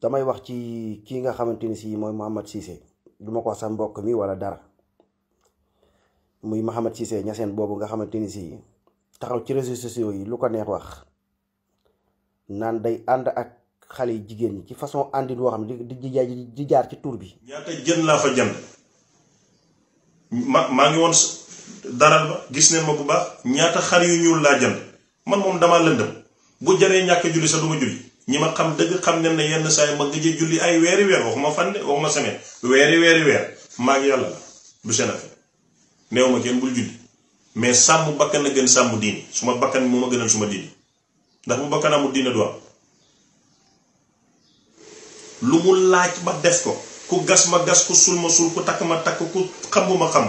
damay wax ci ki nga xamanteni ni si mooy Mouhamed Cissé duma ko sa mbokk mi wala dara muy mohammed Cissé ñasen bobu nga xamanteni ni si taxaw ci réseaux sociaux yi lu ko neex wax nan day and ak xale jigen ci façon àndin woo xam di di di jaar ci tour bi. ñaata jeun la fa jënd ma ngi won daral ba gis ne ma bu baax ñaata xar yu ñuul la jënd man mom dama lëndëm bu jare ñàkk julli sa duma julli ñima xam deug xam ne yenn saay ma gëjë julli ay wéri wér waxuma fan de waxuma semaine wéri weeri weer maag yàlla la du seen affaire néew kenn bul julli mais sàmm bakkan na gën sàmm diini suma bakkan mo ma gënal suma diini ndax bu bakkan amu diina do lu mu laaj ba def ko ku gas ma gas ku sul ma sul ku tak ma tak ku ma xam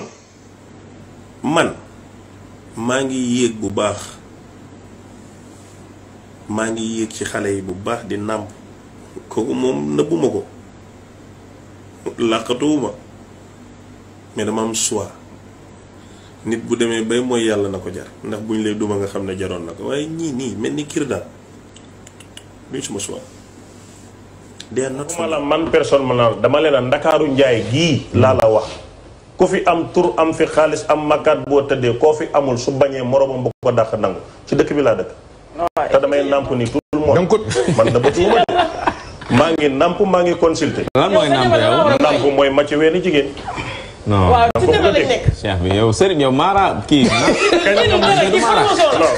man ma ngi yegg bu baax maa ngi yéeg ci xale yi bu baax di nàmp kooku moom nëbbuma ko làqatuwuma mais dama am choix nit bu demee bay mooy yàlla na ko jar ndax bu ñu lay duma nga xam ne jaroon na ko waaye ñii nii mel ni kir daal luñ suma choix dee not la man personne man dama leen ndakaaru njaay gii laa la wax ku fi am tur am fi xaalis am makkaat boo tëddee koo fi amul su bañee moroomam bu ko dàq nangu ci dëkk bi laa dëkk te damay namp ni tout le monde. man da bëgg ma maa ngi namp maa ngi consulter. lan mooy namp weeni jigéen. waaw ci dara lañ nekk. cheikh bi yow Serigne yow Mara kii.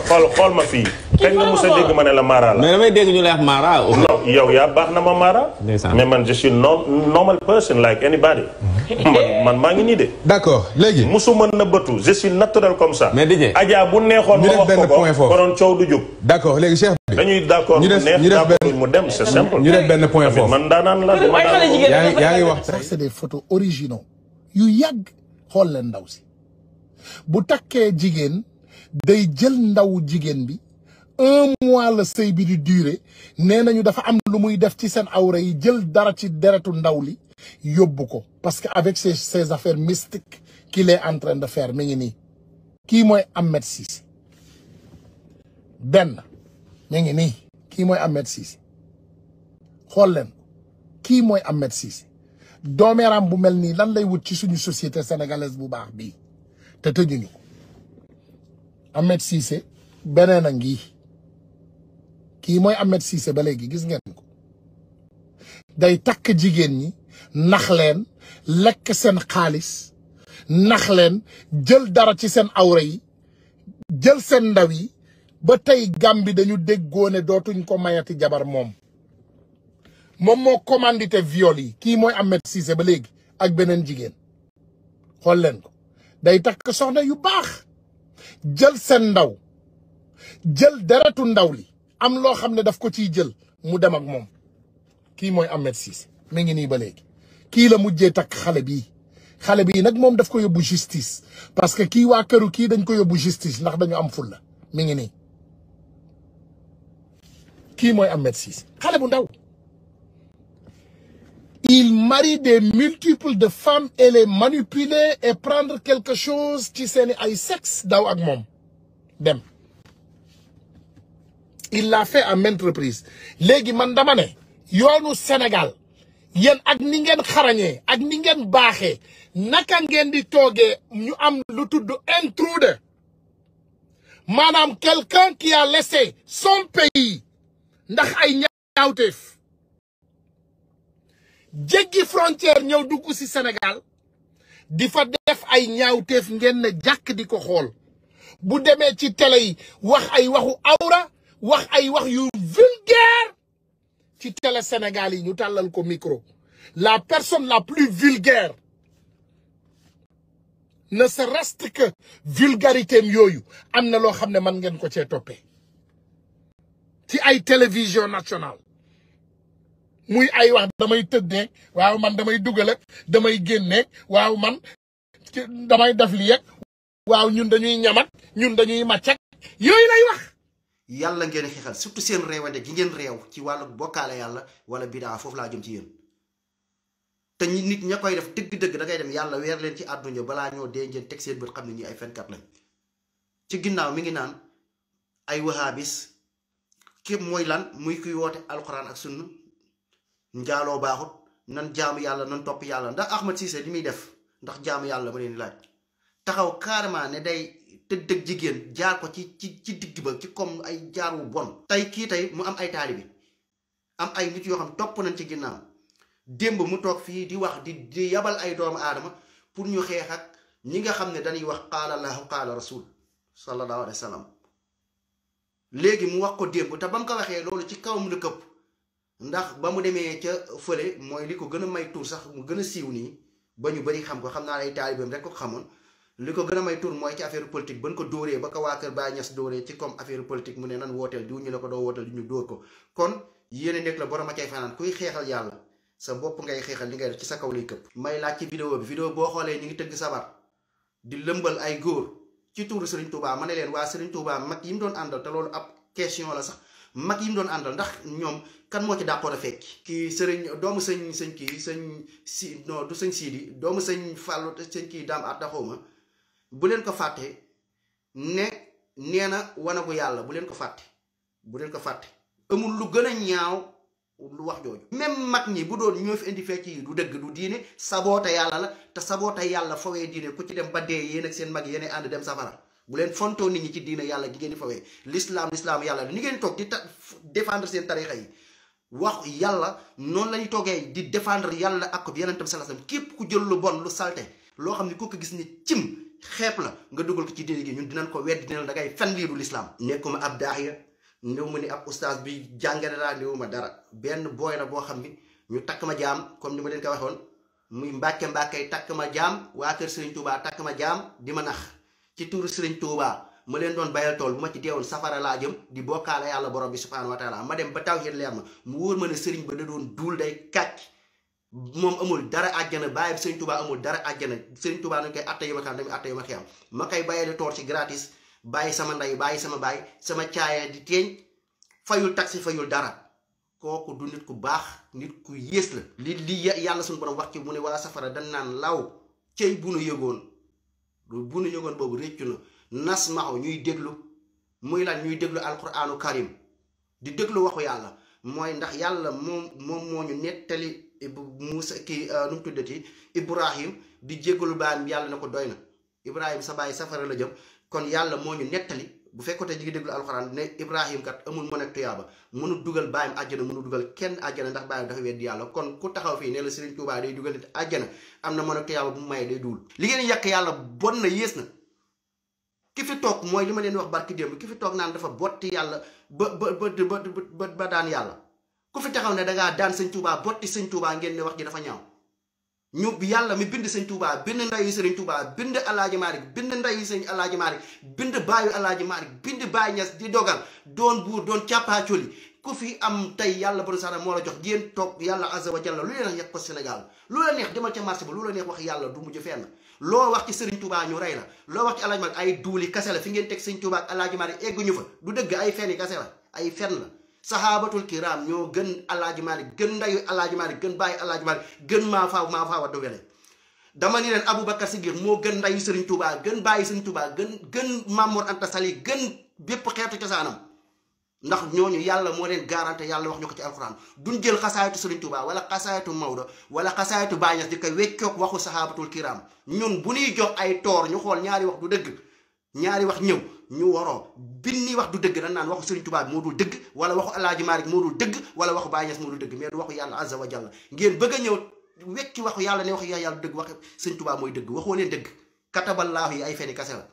xool xool ma fii. kañ nga mos a ma ne la Mara la. mais damay dégg ñu lay Mara. non yow yaa baax na ma Mara. mais man je suis normal person like anybody. Mm-hmm. man maa ngi nii de. d'accord léegi. musuma nëbbatu je suis comme ça. mais DJ. Adja bu neexoon ma wax ko ko konoon coow du jóg. d'accord léegi Cheikh bi. dañuy d'accord mu neex d'accord mu de c'est simple. ñu def benn point fort man daanaan la. yaa ngi wax. c'est des photo originaux. yu yàgg xool leen ndaw si bu takkee jigéen day jël ndaw jigéen bi un mois la sëy bi di durer nee nañu dafa am lu muy def ci seen awra yi jël dara ci deretu ndaw li yóbbu ko parce que avec ses ses affaires mystiques qu'il est en de faire mi ngi nii kii mooy Ahmed Cissé benn mi ngi nii kii mooy Ahmed Cissé xool kii mooy Ahmed Cissé doomeeraam bu mel nii lan lay wut ci suñu société sénégalaise bu baax bii te tëjuñu ko Ahmed Cissé beneen a ngi kii mooy Ahmed Cissé ba léegi gis ngeen ko day takk jigéen ñi nax leen lekk seen xaalis nax leen jël dara ci seen awra yi jël seen ndaw yi ba tey Gàmbi dañu déggoone dootuñ ko mayati jabar moom moom moo commandité viol yi kii mooy am Cissé ba léegi ak beneen jigéen xool leen ko day takk soxna yu baax jël seen ndaw jël deretu ndaw li am loo xam ne daf ko ciy jël mu dem ak moom kii mooy am Cissé mi ngi nii ba léegi kii la mujjee takk xale bii xale bii nag moom daf ko yóbbu justice parce que kii waa këru kii dañ ko yóbbu justice ndax dañu am fulla mi ngi nii kii mooy am Cissé xale bu ndaw Il marie des multiples de femmes et les manipuler et prendre quelque chose qui s'est ay sexe il l'a fait à maintes reprises léegi man dama au Sénégal yéen ak ni ngeen ak ni ngeen di am quelqu'un qui a laissé son pays djegi frontière dugg ci Sénégal di def ay ñaawteef ne di bu démé ci télé yi wax ay waxu wax ay wax yu vulgaire ci télé Sénégal yi ñu micro la personne la plus vulgaire ne se reste que vulgarité amna lo xamné man ko ci télévision nationale muy ay wax damay tëddee waaw man damay dugal ak damay génneeg waaw man damay daf li yeg waaw ñun dañuy ñamat ñun dañuy màccak yooyu lay wax yàlla ngeen xeexal surtout seen réewande gi ngeen réew ci wàllu bokkaale yàlla wala bidaa foofu laa jëm ci yéen te ñi nit ña koy def dëgg-dëgg da dem yàlla weer leen ci àdduna balaa ñoo dee ngeen teg seen bët xam ne ñi ay fenkat lañ ci ginnaaw mi ngi naan ay waxaabis képp mooy lan muy kuy woote alxuraan ak sunna njaaloo baaxut nan jaamu yàlla nan topp yàlla ndax Ahmed Cissé li muy def ndax jaamu yàlla ma leen laaj taxaw carrément ne day tëdd ak jigéen jaar ko ci ci ci digg ba ci comme ay jaar wu bon. tey kii tey mu am ay taalibi am ay nit yoo xam topp nañ ci ginnaaw démb mu toog fii di wax di di yabal ay doomu aadama pour ñu xeex ak ñi nga xam ne dañuy wax qaala allahu qaala rasul sallallahu alayhi wa sallam léegi mu wax ko démb te ba mu ko waxee loolu ci kaw mu la këpp ndax ba mu demee ca fële mooy li ko gën a may tur sax mu gën a siiw nii ba ñu bëri xam ko xam naa ay taalibeem rek ko xamoon li ko gën a may tur mooy ci affaire politique ba ñu ko dóoree ba ko waa Kër Baay Ñas dóoree ci comme affaire politique mu ne nan wooteel diw ñu la ko doo wooteel ñu dóor ko kon yéene nekk la borom a cay fanaan kuy xeexal yàlla sa bopp ngay xeexal li ngay def ci sa kaw lay këpp may laaj ci vidéo bi vidéo boo xoolee ñu ngi tëgg sabar di lëmbal ay góor ci tuuru Serigne Touba ma ne leen waa Serigne Touba mag yi mu doon àndal te loolu ab question la sax mag yi mu doon àndal ndax ñoom kan moo ci d'accord a fekk kii sëriñ doomu sëñ sëñ kii sëñ si non du sëñ siidi doomu sëñ fàllu sëñ kii daam at daxawma bu leen ko fàtte ne nee na wanagu yàlla bu leen ko fàtte bu leen ko fàtte amul lu gën a ñaaw lu wax jooju même mag ñi bu doon ñoo fi indi fecc yi du dëgg du diine saboota yàlla la te saboota yàlla fowee diine ku ci dem ba dee yee ak seen mag yeneen ànd dem safara bu len fonto nit ñi ci diina yalla gi ngeen fawé l'islam l'islam yalla ni ngeen tok di défendre sen tarixa yi wax yalla non lañu togué di défendre yalla ak bi yenen tam sallallahu alayhi wasallam kep ku jël lu bon lu salté lo xamni ko ko gis ni cim xép la nga duggal ko ci diina gi ñun dinañ ko wedd dinañ da ngay fen lii l'islam nekkuma ab dahiya néew mu ni ab oustaz bi jangale la néew dara ben boy la bo xamni ñu takuma ma jaam comme ni ma leen ko waxon muy mbacke mbacke takuma ma jaam waa kër Serigne Touba takuma ma jaam di ma nax ci tuuru Sëriñ Tuubaa ma leen doon bayal tool bu ma ci deewoon safara laa jëm di bokkaale yàlla borom bi subhaanahu wa taala ma dem ba taw tawhid leer ma mu wóor ma ne sëriñ ba da doon dul day kàcc moom amul dara àjjana bàyyi Sëriñ Tuubaa amul dara àjjana Sëriñ Tuubaa nañ koy atta yu ma xam tamit atta yu ma xiyam ma koy tool ci gratis bàyyi sama ndey bàyyi sama baay sama caaya di teeñ fayul taxi fayul dara kooku du nit ku baax nit ku yées la li li yàlla suñu borom wax mu ne waa safara dan naan law cey bu nu bu nu yëgoon boobu réccu na nas maxaw ñuy déglu muy lan ñuy déglu al alquraanu karim di déglu waxu yàlla mooy ndax yàlla moom moom moo ñu nettali Muusa kii euh, nu mu tuddati Ibrahim di jéggalu baayam yàlla na ko doy na Ibrahim sa baay safara la jëm kon yàlla moo ñu nettali bu fekkoon te ñi ngi déglu alxuraan ne Ibrahim kat amul mën ak tuyaaba mënu dugal bàyyam àjjana mënu dugal kenn àjjana ndax bàyyam dafa weddi yàlla kon ku taxaw fii ne la Serigne Touba day dugal nit àjjana am na mën ak tuyaaba bu mu mayee day dugal li ngeen yàq yàlla bon na yées na ki fi toog mooy li ma leen wax barki démb ki fi toog naan dafa botti yàlla ba ba ba ba daan yàlla ku fi taxaw ne dangaa daan sëñ Touba botti sëñ Touba ngeen ne wax ji dafa ñu yàlla mi bind sëñ Touba bind ndayu sëriñ Touba bind alaaji Malick bind ndayu sëñ alaaji Malick bind baayu alaaji Malick bind baay ñas di dogal doon buur doon càppaacoli ku fi am tey yàlla borom sax moo la jox ngeen toog yàlla azza wa jalla lu leen yàq ko Sénégal lu la neex demal ca marché ba lu la neex wax yàlla du mujj fenn loo wax ci sëriñ Touba ñu rey la loo wax ci alaaji Malick ay yi kase la fi ngeen teg sëñ Touba ak alaaji Malick egguñu fa du dëgg ay fenn kase la ay fenn la saxaabatul kiram ñoo gën alaaji maalik gën ndayu alaaji maalik gën bàyyi alaaji maalik gën maa faa maa faa waddu wele dama ni leen Aboubacar Siddiq moo gën ndayu sëriñ Touba gën bàyyi Serigne Touba gën gën Mamour Anta Sali gën bépp xeetu cosaanam ndax ñooñu yàlla moo leen garanté yàlla wax ñu ko ci alxuraan duñ jël xasaayatu Serigne Touba wala xasaayatu Maodo wala xasaayatu Bañas jëkk ko weccoog waxu saxaabatul kiram ñun bu ñuy jox ay toor ñu xool ñaari wax du dëgg ñaari wax ñëw. ñu waroo bin nii wax du dëgg dañ naan waxu Serigne Touba bi moo dul dëgg wala waxu Alaaji Maalik moo dul dëgg wala waxu Baay Ñas moo dul dëgg mais du waxu yàlla azza wa a ñëw wekki waxu yàlla ne waxu yàlla du dëgg wax Serigne Touba mooy dëgg waxoo leen dëgg kataballaahu yi ay feni kase la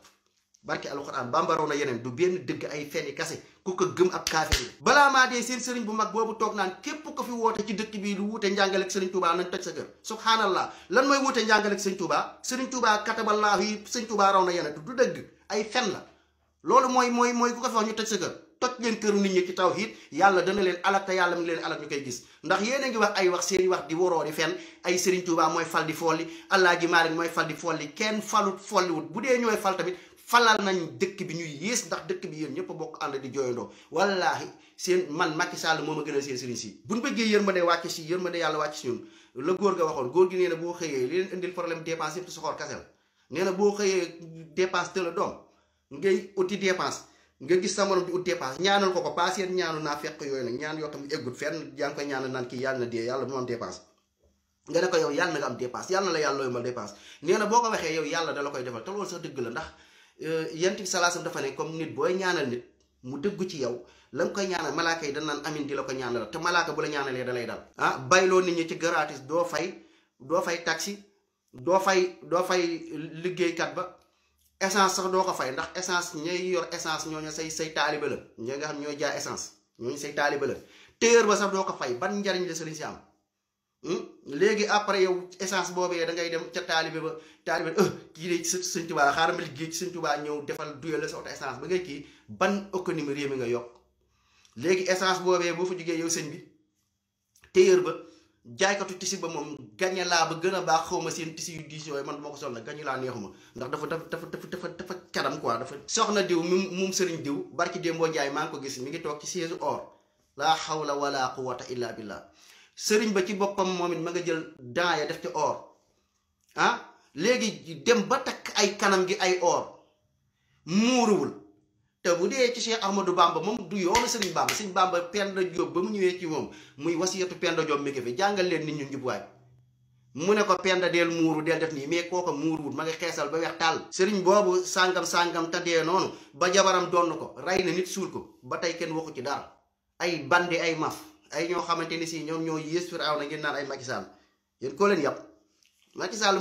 barke alxuraan bambaraw na yeneen du benn dëgg ay feni kase ku ko gëm ab kaafir balaa maa dee bu mag boobu toog naan képp ko fi woote ci dëkk bi lu wuute njàngale ak Serigne Touba nañ toj sa kër lan mooy wuute njàngale ak Serigne Touba Serigne Touba kataballaahu yi Serigne raw na yeneen du dëgg ay fen la loolu mooy mooy mooy ku ko fi wax ñu toj sa kër toj leen këru nit ñi ci tawhid yàlla dana leen alak te yàlla mi ngi leen ñu koy gis ndax yéen a ngi wax ay wax seeni wax di waroo di fenn ay Serigne Touba mooy fal di folli Alaaji Maalik mooy fal di folli kenn falut folliwut bu dee ñooy fal tamit falal nañ dëkk bi ñuy yées ndax dëkk bi yéen ñëpp bokk ànd di jooyandoo wallaahi seen man Macky Sall moo ma gënal seen Serigne si buñ bëggee yërmande wàcc si yàlla wàcc si ñun la góor ga waxoon góor gi nee boo xëyee li leen indil problème dépense yëpp soxoor kasel nee na boo xëyee dépense te la doom ngay uti dépense nga gis sa morom di ut dépense ñaanal ko ko paas yéen ñaanu naa fekk yooyu nag ñaan yoo xam ne eggut fenn yaa ngi koy ñaanal naan kii yàlla na dee yàlla bu nga ne ko yow na nga am dépense yàlla na boo ko waxee yow yàlla da la koy defal te loolu sax dëgg la ndax euh, yent salaasam dafa ne comme nit booy ñaanal nit mu dëggu ci yow lan koy ñaanal malaaka yi da naan amin di la ko ñaanal te malaaka bu la ñaanalee da lay dal ah bayloo nit ñi ci gratis doo fay doo fay taxi doo fay doo fay liggéeykat ba essence sax doo ko fay ndax essence ñay yor essence ñoo say say taalibe la ñi nga xam ñoo jaay essence ñooñu say taalibe la téer ba sax doo ko fay ban njariñ la sëriñ si am hmm? léegi après yow essence boobee da dem ca taalibe ba eh, kii de ci sëñ Tuubaa xaaral liggéey ci sëñ Tuubaa ñëw defal duyal la sa oto essence ba ngay kii ban économie réew mi nga yokk léegi essence boobee boo fa jugee yow sëñ bi téer ba. jaaykatu tisi ba moom gañe laa ba gën a baax xaw ma seen tissi yu diis yooyu man moo ko sol nag gañe laa neexuma ndax dafa dafa dafa dafa dafa kadam quoi dafa. soxna diw mu mum sëriñ diw barki Demba Ndiaye maa ngi ko gis mu ngi toog ci siège oor laa xaw xawla wala quwwata illa billah sëriñ ba ci boppam moom it ma nga jël daaya def ci or ah léegi dem ba takk ay kanam gi ay or muuruwul. té bu dé ci Cheikh Ahmadou Bamba mom du yoonu Serigne Bamba Serigne Bamba pendo Diop bamu ñëwé ci mom muy wasiyatu pendo Diop mi ngi fi jàngal leen nit ñu njub waay mu ne ko pendo deel muru deel def nii mais muru wut ma nga xéssal ba wéx tal Serigne bobu sangam sangam ta dee noonu ba jabaram don ko ray na nit sul ko ba tay kenn waxu ci dara ay bandi ay maf ay ño xamanteni ni ñom ño yees yées firaaw na ngeen naan ay Macky Sall yéen leen yapp Macky Sall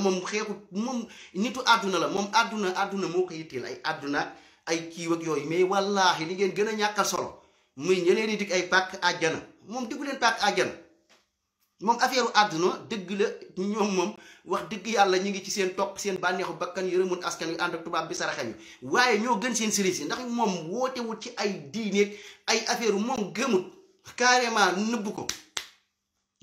nitu aduna la mom aduna aduna moko ko ay aduna ay kiiw ak yooyu mais wallaahi li ngeen gën a ñàkkal solo muy ñeneen di ay pàkk àjjana moom diggu leen pàkk àjjana moom affaire àdduna dëgg la ñoom moom wax dëgg yàlla ñu ngi ci seen topp seen bànneexu bakkan yërëmun askan wi ànd ak tubaab bi saraxe ñu waaye ñoo gën seen sëriñ si ndax moom wootewut ci ay diineeg ay affaire moom gëmut carrément nëbb ko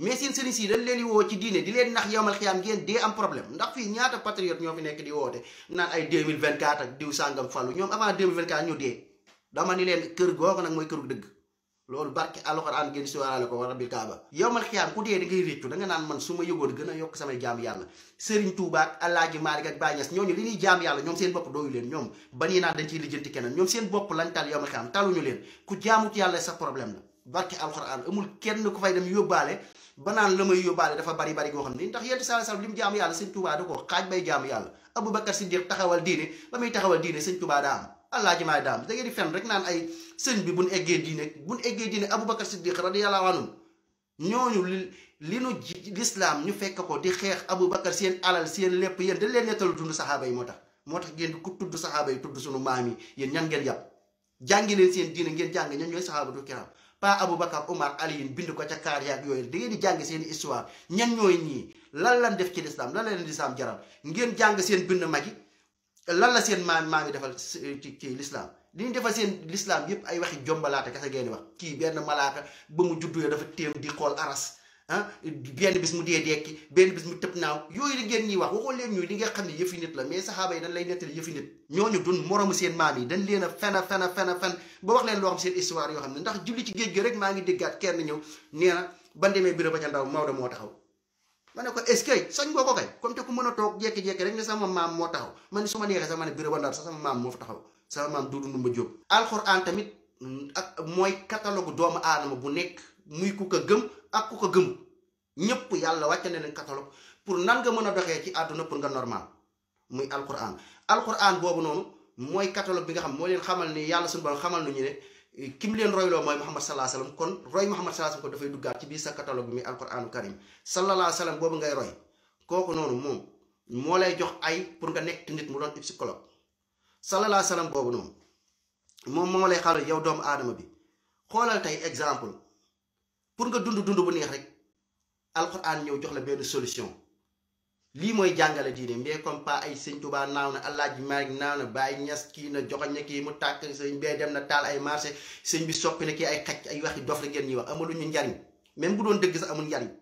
mais seen serigne si dañ leen di woo ci diine di leen nax yowmal xiyam ngeen dee am problème ndax fii ñaata patriote ñoo fi nekk di woote naan ay 2024 ak diw sàngam fallu ñoom avant 2024 ñu dee dama ni leen kër googu nag mooy këru dëgg loolu barke alxuraan ngeen siwaarale ko rabbil kaaba yowmal xiyam ku dee da ngay réccu da nga naan man suma ma yëgoon gën a yokk samay jaam yàlla serigne touba ak Alaaji malik ak bañas Ñas ñooñu li ñuy jaam yàlla ñoom seen bopp dooyu leen ñoom ba nii naan dañ ciy lijjanti keneen ñoom seen bopp lañ tal yowmal xiyaam taluñu leen ku jaamut yàlla sa problème la barke alxuraan amul kenn ku fay dem yóbbaale ba naan la may yóbbaale dafa bari bari goo xam ne ndax yent saala salam li mu jaamu yàlla sëñ Tuubaa da ko xaaj bay jaamu yàlla Abubakar Siddiq taxawal diine ba muy taxawal diine sëñ Tuubaa daa am allah ji maay daa am da ngeen di fen rek naan ay sëñ bi buñ eggee diine buñ eggee diine Abubakar Siddiq radiyallahu anhu ñooñu li li ñu fekk ko di xeex Abubakar seen alal seen lépp yéen da leen nettalu dund saxaaba yi moo tax moo tax ngeen ku tudd saxaaba yi tudd sunu maam yi yéen ñan ngeen yàpp jàngi leen seen diine ngeen jàng ñan ñooy saxaaba du kiram abu Aboubacar Omar Aliyin bind ko ca kaar yaag yooyu da ngeen di jàng seen histoire ñan ñooy ñii lan lan def ci lislaam lan la leen lislaam jaral ngeen jàng seen bind mag yi lan la seen maam maam yi defal ci ci lislaam li ñu defal seen lislaam yépp ay waxi jombalaate kese ngeen di wax kii benn malaaka ba mu juddoo dafa téem di xool aras ah benn bis mu dee dekki benn bis mu tëb naaw yooyu la ngeen ñuy wax waxoo leen ñu li nga xam ne yëfi nit la mais saxaaba yi dañ lay nettali yëfi nit ñooñu dun moromu seen maam yi dañ leen a fen a fen a fen a fen ba wax leen loo xam seen histoire yoo xam ne ndax julli ci géej gi rek maa ngi déggaat kenn ñëw nee na ba demee bureau ba ca ndaw Maodo moo taxaw ma ne ko est-ce que sañ nga ko kay comme te ku mën a toog jékki-jékki rek ne sama maam moo taxaw man su ma neexee sax ma ne bureau ba ndaw sax sama maam moo fa taxaw sama maam Duudu Ndumba Jóob alxuraan tamit ak mooy catalogue doomu aadama bu nekk muy ku ko gëm Aku ko gëm ñepp yalla katalog na len catalogue pour nan nga mëna doxé ci aduna pour nga normal muy alquran alquran bobu non moy catalogue bi nga xam mo len xamal ni yalla ya sun borom xamal nañu ne kim roy lo moy muhammad alaihi wasallam kon roy muhammad alaihi sallam ko fay duggal ci bi sa catalogue mi alcorane karim sallallahu Alaihi Wasallam bobu ngay roy koku non mom mo lay jox ay pour nga nek nit mu doon psychologue sallallahu wasallam bobu non mom mo lay xamal yow ya doomu adama bi xolal tay exemple pour nga dund dund bu neex rek alxuraan ñëw jox la benn solution li moy jangale diine mbé comme pas ay seigne touba naaw na ji Maalik naaw na Baay Ñas kii na joxoñ na kii mu tàkk seigne bee dem na tal ay marché seigne bi soppi na ki ay xaj ay waxi dof la ngeen ñi wax ñu njariñ même bu doon deug sa amul njariñ